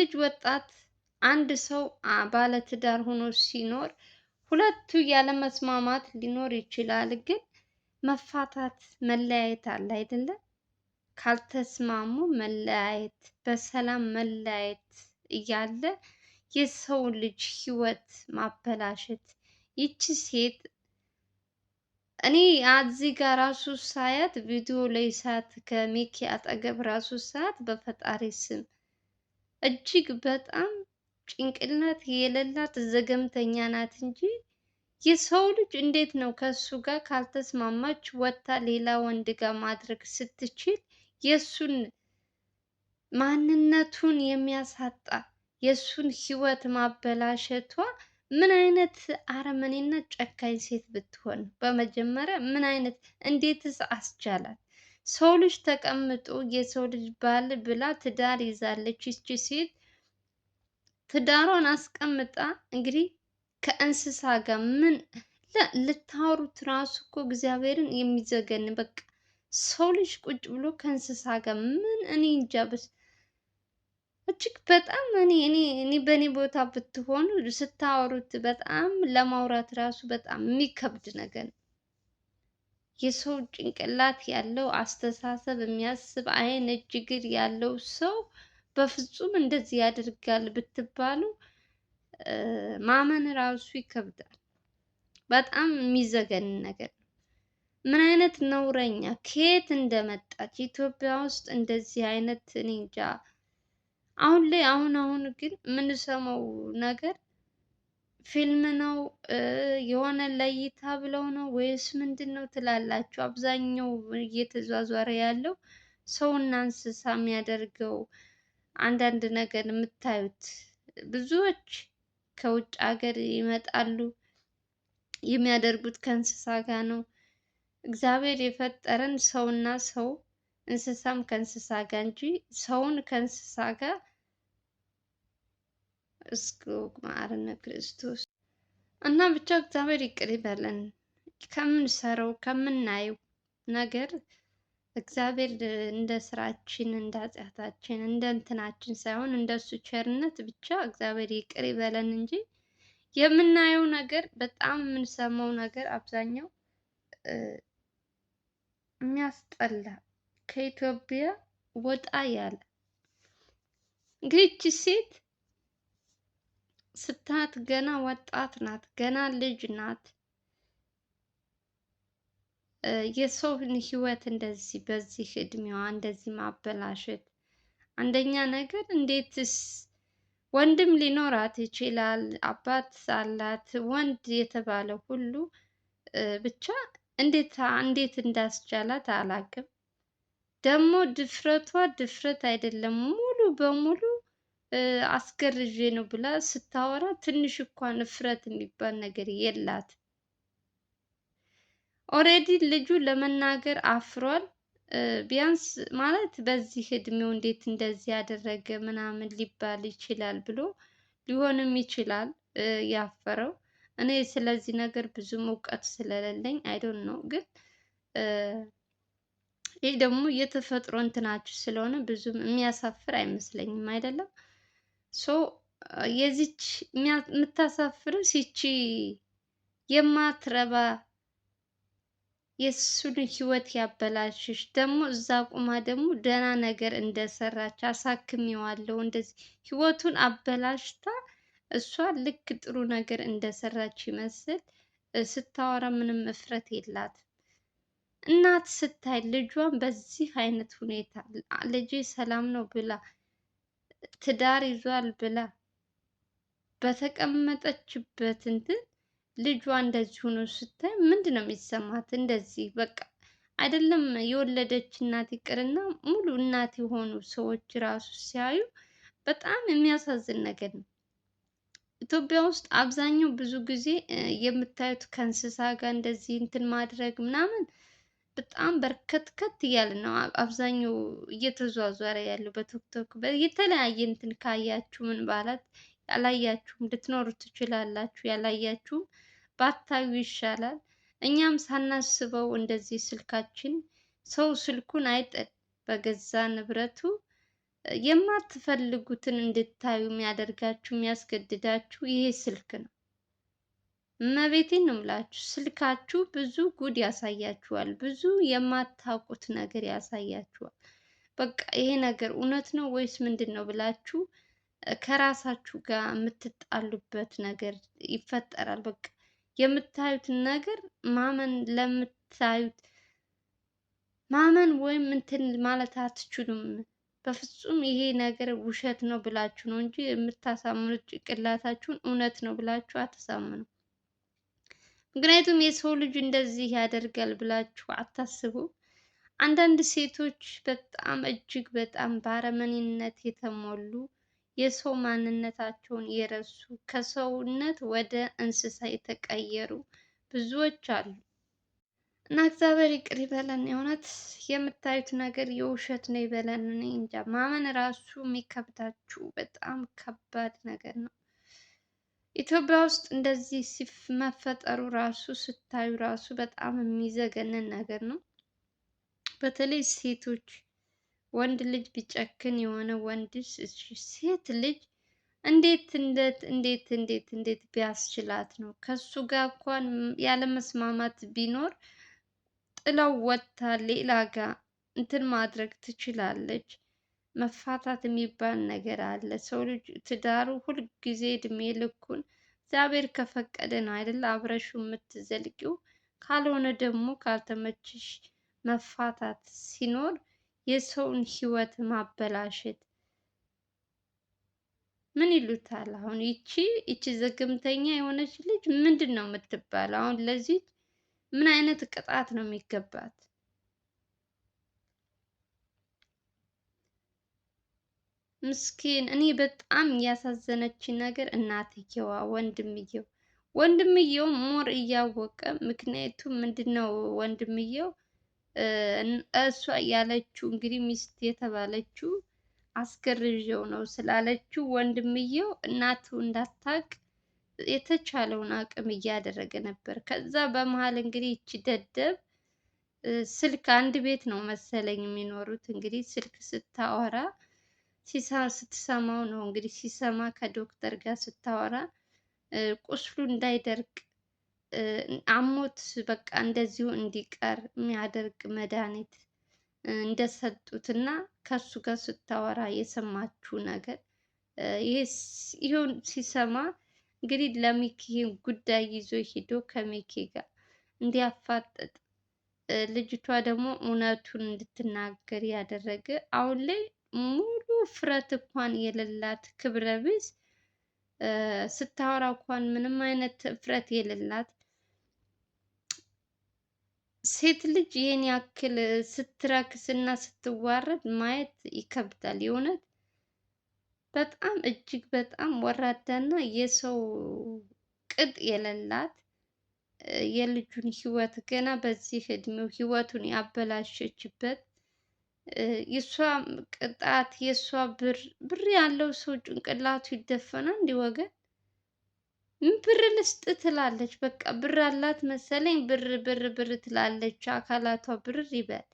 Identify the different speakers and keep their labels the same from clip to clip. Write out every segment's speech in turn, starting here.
Speaker 1: ልጅ ወጣት አንድ ሰው ባለትዳር ሆኖ ሲኖር ሁለቱ ያለመስማማት ሊኖር ይችላል። ግን መፋታት መለያየት አለ አይደለም? ካልተስማሙ መለያየት፣ በሰላም መለያየት እያለ የሰው ልጅ ህይወት ማበላሸት ይቺ ሴት እኔ አዚ ጋር ራሱ ሳያት ቪዲዮ ላይ ሳያት ከሚኪ አጠገብ ራሱ ሳያት በፈጣሪ ስም እጅግ በጣም ጭንቅላት የሌላት ዘገምተኛ ናት እንጂ የሰው ልጅ እንዴት ነው ከሱ ጋር ካልተስማማች ወታ ሌላ ወንድ ጋር ማድረግ ስትችል የሱን ማንነቱን የሚያሳጣ የሱን ህይወት ማበላሸቷ ምን አይነት አረመኔና ጨካኝ ሴት ብትሆን! በመጀመሪያ ምን አይነት እንዴትስ አስቻላት? ሰው ልጅ ተቀምጦ የሰው ልጅ ባል ብላ ትዳር ይዛለች። ይቺ ሴት ትዳሯን አስቀምጣ እንግዲህ ከእንስሳ ጋር ምን ልታወሩት ራሱ እኮ እግዚአብሔርን የሚዘገን በቃ ሰው ልጅ ቁጭ ብሎ ከእንስሳ ጋር ምን እኔ እንጃ። እጅግ በጣም እኔ እኔ እኔ በእኔ ቦታ ብትሆኑ ስታወሩት በጣም ለማውራት ራሱ በጣም የሚከብድ ነገር ነው። የሰው ጭንቅላት ያለው አስተሳሰብ የሚያስብ አይን እጅ እግር ያለው ሰው በፍጹም እንደዚህ ያደርጋል ብትባሉ ማመን ራሱ ይከብዳል። በጣም የሚዘገን ነገር ነው። ምን አይነት ነውረኛ ከየት እንደመጣች ኢትዮጵያ ውስጥ እንደዚህ አይነት እኔ እንጃ። አሁን ላይ አሁን አሁን ግን የምንሰማው ነገር ፊልም ነው የሆነ ለእይታ ብለው ነው ወይስ ምንድን ነው ትላላችሁ? አብዛኛው እየተዟዟረ ያለው ሰውና እንስሳ የሚያደርገው አንዳንድ ነገር የምታዩት ብዙዎች ከውጭ ሀገር ይመጣሉ። የሚያደርጉት ከእንስሳ ጋር ነው። እግዚአብሔር የፈጠረን ሰውና ሰው እንስሳም ከእንስሳ ጋር እንጂ ሰውን ከእንስሳ ጋር እስከ መዓረነ ክርስቶስ እና ብቻ እግዚአብሔር ይቅር ይበለን። ከምንሰራው ከምናየው ነገር እግዚአብሔር እንደ ስራችን እንደ ኃጢአታችን እንደ እንትናችን ሳይሆን እንደ እሱ ቸርነት ብቻ እግዚአብሔር ይቅር ይበለን እንጂ የምናየው ነገር በጣም የምንሰማው ነገር አብዛኛው የሚያስጠላ ከኢትዮጵያ ወጣ ያለ እንግዲህ ይቺ ሴት ስታያት ገና ወጣት ናት፣ ገና ልጅ ናት። የሰውን ህይወት እንደዚህ በዚህ እድሜዋ እንደዚህ ማበላሸት፣ አንደኛ ነገር እንዴትስ ወንድም ሊኖራት ይችላል። አባት አላት ወንድ የተባለ ሁሉ ብቻ እንዴት እንዴት እንዳስቻላት አላቅም ደግሞ ድፍረቷ ድፍረት አይደለም ሙሉ በሙሉ አስገርዤ ነው ብላ ስታወራ ትንሽ እንኳን እፍረት የሚባል ነገር የላት። ኦልሬዲ ልጁ ለመናገር አፍሯል። ቢያንስ ማለት በዚህ እድሜው እንዴት እንደዚህ ያደረገ ምናምን ሊባል ይችላል ብሎ ሊሆንም ይችላል ያፈረው። እኔ ስለዚህ ነገር ብዙም እውቀት ስለሌለኝ አይዶን ነው፣ ግን ይህ ደግሞ የተፈጥሮ እንትናችሁ ስለሆነ ብዙም የሚያሳፍር አይመስለኝም። አይደለም የዚች የምታሳፍርስ ይቺ የማትረባ የሱን ህይወት ያበላሽሽ ደግሞ እዛ ቁማ ደግሞ ደህና ነገር እንደሰራች አሳክሜዋለሁ እንደዚህ ህይወቱን አበላሽታ እሷ ልክ ጥሩ ነገር እንደሰራች ይመስል ስታወራ ምንም እፍረት የላት እናት ስታይ ልጇን በዚህ አይነት ሁኔታ ልጄ ሰላም ነው ብላ ትዳር ይዟል ብላ በተቀመጠችበት እንትን ልጇ እንደዚህ ሆኖ ስታይ ምንድን ነው የሚሰማት? እንደዚህ በቃ አይደለም የወለደች እናት ይቅርና ሙሉ እናት የሆኑ ሰዎች ራሱ ሲያዩ በጣም የሚያሳዝን ነገር ነው። ኢትዮጵያ ውስጥ አብዛኛው ብዙ ጊዜ የምታዩት ከእንስሳ ጋር እንደዚህ እንትን ማድረግ ምናምን በጣም በርከትከት እያለ ነው አብዛኛው እየተዟዟረ ያለው በቲክቶክ የተለያየ እንትን ካያችሁ ምን ባላት ያላያችሁም ልትኖሩ ትችላላችሁ። ያላያችሁም ባታዩ ይሻላል። እኛም ሳናስበው እንደዚህ ስልካችን ሰው ስልኩን አይጠል በገዛ ንብረቱ የማትፈልጉትን እንድታዩ የሚያደርጋችሁ የሚያስገድዳችሁ ይሄ ስልክ ነው። እመቤቴን ነው የምላችሁ። ስልካችሁ ብዙ ጉድ ያሳያችኋል። ብዙ የማታውቁት ነገር ያሳያችኋል። በቃ ይሄ ነገር እውነት ነው ወይስ ምንድን ነው ብላችሁ ከራሳችሁ ጋር የምትጣሉበት ነገር ይፈጠራል። በቃ የምታዩትን ነገር ማመን ለምታዩት ማመን ወይም እንትን ማለት አትችሉም። በፍጹም ይሄ ነገር ውሸት ነው ብላችሁ ነው እንጂ የምታሳምኑት ጭንቅላታችሁን እውነት ነው ብላችሁ አትሳምኑም። ምክንያቱም የሰው ልጅ እንደዚህ ያደርጋል ብላችሁ አታስቡ። አንዳንድ ሴቶች በጣም እጅግ በጣም በአረመኔነት የተሞሉ የሰው ማንነታቸውን የረሱ ከሰውነት ወደ እንስሳ የተቀየሩ ብዙዎች አሉ እና እግዚአብሔር ይቅር ይበለን። የእውነት የምታዩት ነገር የውሸት ነው ይበለን። እኔ እንጃ ማመን ራሱ የሚከብዳችሁ በጣም ከባድ ነገር ነው። ኢትዮጵያ ውስጥ እንደዚህ መፈጠሩ ራሱ ስታዩ ራሱ በጣም የሚዘገንን ነገር ነው። በተለይ ሴቶች ወንድ ልጅ ቢጨክን የሆነ ወንድ ሴት ልጅ እንዴት እንዴት እንዴት እንዴት እንዴት ቢያስችላት ነው ከሱ ጋር እንኳን ያለመስማማት ቢኖር ጥለው ወጥታ ሌላ ጋር እንትን ማድረግ ትችላለች። መፋታት የሚባል ነገር አለ። ሰው ልጅ ትዳሩ ሁልጊዜ እድሜ ልኩን እግዚአብሔር ከፈቀደ ነው አይደለ አብረሹ የምትዘልቂው። ካልሆነ ደግሞ ካልተመችሽ መፋታት ሲኖር የሰውን ህይወት ማበላሸት ምን ይሉታል? አሁን ይቺ ይቺ ዘግምተኛ የሆነች ልጅ ምንድን ነው የምትባለው? አሁን ለዚህ ምን አይነት ቅጣት ነው የሚገባት? ምስኪን እኔ በጣም ያሳዘነች ነገር እናትየዋ ወንድምየው ወንድምየው ሞር እያወቀ ምክንያቱም ምንድነው ወንድምየው እሷ ያለችው እንግዲህ ሚስት የተባለችው አስገርዤው ነው ስላለችው ወንድምየው እናቱ እንዳታቅ የተቻለውን አቅም እያደረገ ነበር። ከዛ በመሀል እንግዲህ ይቺ ደደብ ስልክ አንድ ቤት ነው መሰለኝ የሚኖሩት እንግዲህ ስልክ ስታወራ ስትሰማው ነው እንግዲህ ሲሰማ ከዶክተር ጋር ስታወራ ቁስሉ እንዳይደርቅ አሞት በቃ እንደዚሁ እንዲቀር የሚያደርግ መድኃኒት እንደሰጡት እና ከሱ ጋር ስታወራ የሰማችው ነገር ይሄን ሲሰማ እንግዲህ ለሚኪ ጉዳይ ይዞ ሄዶ ከሚኪ ጋር እንዲያፋጠጥ ልጅቷ ደግሞ እውነቱን እንድትናገር ያደረገ አሁን ላይ ውፍረት እንኳን የሌላት ክብረ ቢስ ስታወራ እንኳን ምንም አይነት እፍረት የሌላት ሴት ልጅ ይህን ያክል ስትረክስ እና ስትዋረድ ማየት ይከብዳል። የእውነት በጣም እጅግ በጣም ወራዳና የሰው ቅጥ የሌላት የልጁን ህይወት ገና በዚህ እድሜው ህይወቱን ያበላሸችበት የእሷ ቅጣት የእሷ ብር ብር ያለው ሰው ጭንቅላቱ ይደፈናል። እንዲህ ወገን ምን ብር ልስጥ ትላለች። በቃ ብር አላት መሰለኝ ብር ብር ብር ትላለች። አካላቷ ብር ይበል።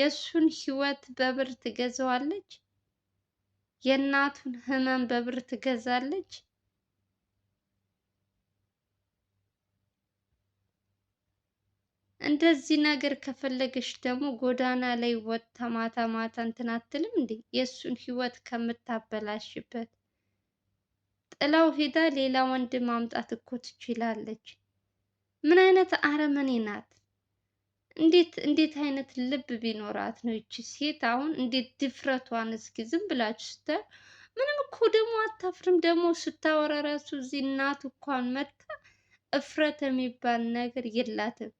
Speaker 1: የእሱን ህይወት በብር ትገዛዋለች። የእናቱን ህመም በብር ትገዛለች። እንደዚህ ነገር ከፈለገች ደግሞ ጎዳና ላይ ወጥታ ማታ ማታ እንትን አትልም እንዴ? የእሱን ህይወት ከምታበላሽበት ጥላው ሄዳ ሌላ ወንድ ማምጣት እኮ ትችላለች። ምን አይነት አረመኔ ናት! እንዴት እንዴት አይነት ልብ ቢኖራት ነው ይቺ ሴት አሁን እንዴት ድፍረቷን! እስኪ ዝም ብላችሁ ስታ ምንም እኮ ደግሞ አታፍርም። ደግሞ ስታወራ ራሱ እዚህ እናቱ እንኳን መታ እፍረት የሚባል ነገር የላትም።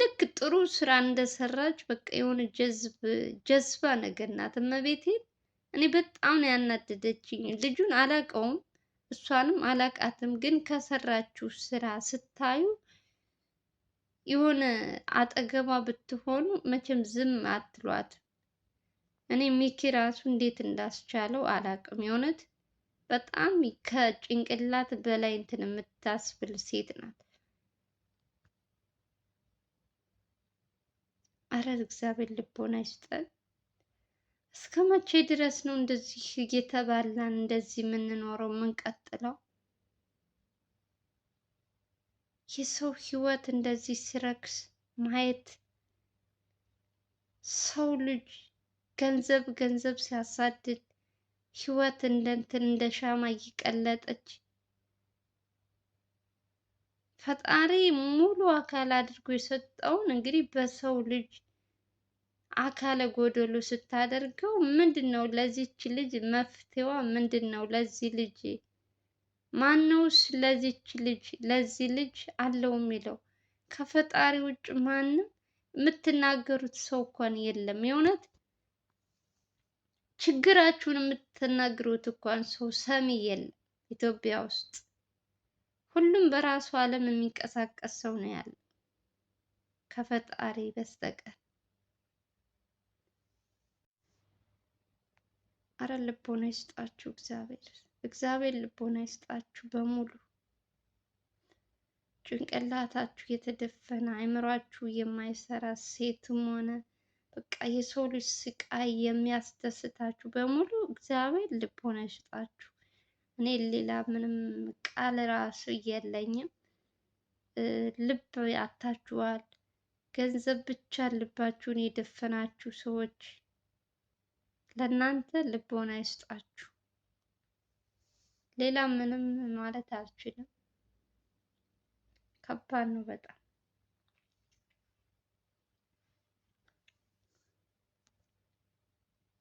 Speaker 1: ልክ ጥሩ ስራ እንደሰራች በቃ የሆነ ጀዝባ ነገር ናት። እመቤቴን እኔ በጣም ነው ያናደደችኝ። ልጁን አላቀውም እሷንም አላቃትም፣ ግን ከሰራችው ስራ ስታዩ የሆነ አጠገቧ ብትሆኑ መቼም ዝም አትሏት። እኔ ሚኪ ራሱ እንዴት እንዳስቻለው አላቅም። የእውነት በጣም ከጭንቅላት በላይ እንትን የምታስብል ሴት ናት። አረ እግዚአብሔር ልቦና ይስጠን። እስከ መቼ ድረስ ነው እንደዚህ እየተባላን እንደዚህ የምንኖረው የምንቀጥለው? የሰው ህይወት እንደዚህ ሲረክስ ማየት ሰው ልጅ ገንዘብ ገንዘብ ሲያሳድድ ህይወት እንደ እንትን እንደ ሻማ እየቀለጠች ፈጣሪ ሙሉ አካል አድርጎ የሰጠውን እንግዲህ በሰው ልጅ አካለ ጎደሎ ስታደርገው ምንድን ነው ለዚች ልጅ መፍትሄዋ? ምንድን ነው ለዚህ ልጅ ማነውስ ለዚች ልጅ ለዚህ ልጅ አለው የሚለው? ከፈጣሪ ውጭ ማንም የምትናገሩት ሰው እንኳን የለም። የእውነት ችግራችሁን የምትናገሩት እንኳን ሰው ሰሚ የለም ኢትዮጵያ ውስጥ። ሁሉም በራሱ ዓለም የሚንቀሳቀስ ሰው ነው ያለው ከፈጣሪ በስተቀር። አረ ልቦና ይስጣችሁ እግዚአብሔር እግዚአብሔር ልቦና ይስጣችሁ በሙሉ ጭንቅላታችሁ የተደፈነ አይምሯችሁ የማይሰራ ሴትም ሆነ በቃ የሰው ልጅ ስቃይ የሚያስደስታችሁ በሙሉ እግዚአብሔር ልቦና ይስጣችሁ። እኔ ሌላ ምንም ቃል ራሱ የለኝም። ልብ ያታችኋል። ገንዘብ ብቻ ልባችሁን የደፈናችሁ ሰዎች ለእናንተ ልቦና አይስጣችሁ። ሌላ ምንም ማለት አልችልም። ከባድ ነው በጣም።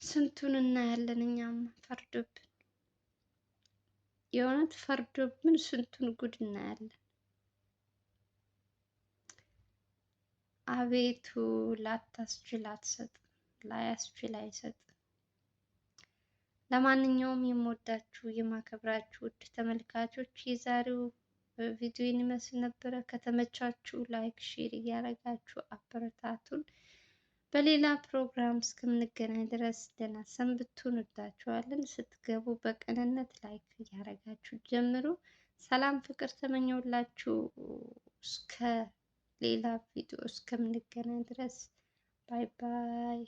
Speaker 1: ስንቱን እናያለን እኛም ፈርዶብን የእውነት ፈርዶብን ስንቱን ጉድ እናያለን። አቤቱ ላታስችል አትሰጥም፣ ላያስችል አይሰጥም። ለማንኛውም የምወዳችሁ የማከብራችሁ ውድ ተመልካቾች የዛሬው ቪዲዮ ይመስል ነበረ። ከተመቻችሁ ላይክ፣ ሼር እያደረጋችሁ አበረታቱን። በሌላ ፕሮግራም እስከምንገናኝ ድረስ ደህና ሰንብቱ እንወዳችኋለን። ስትገቡ በቅንነት ላይክ እያደረጋችሁ ጀምሩ። ሰላም ፍቅር ተመኘውላችሁ። እስከ ሌላ ቪዲዮ እስከምንገናኝ ድረስ ባይ ባይ።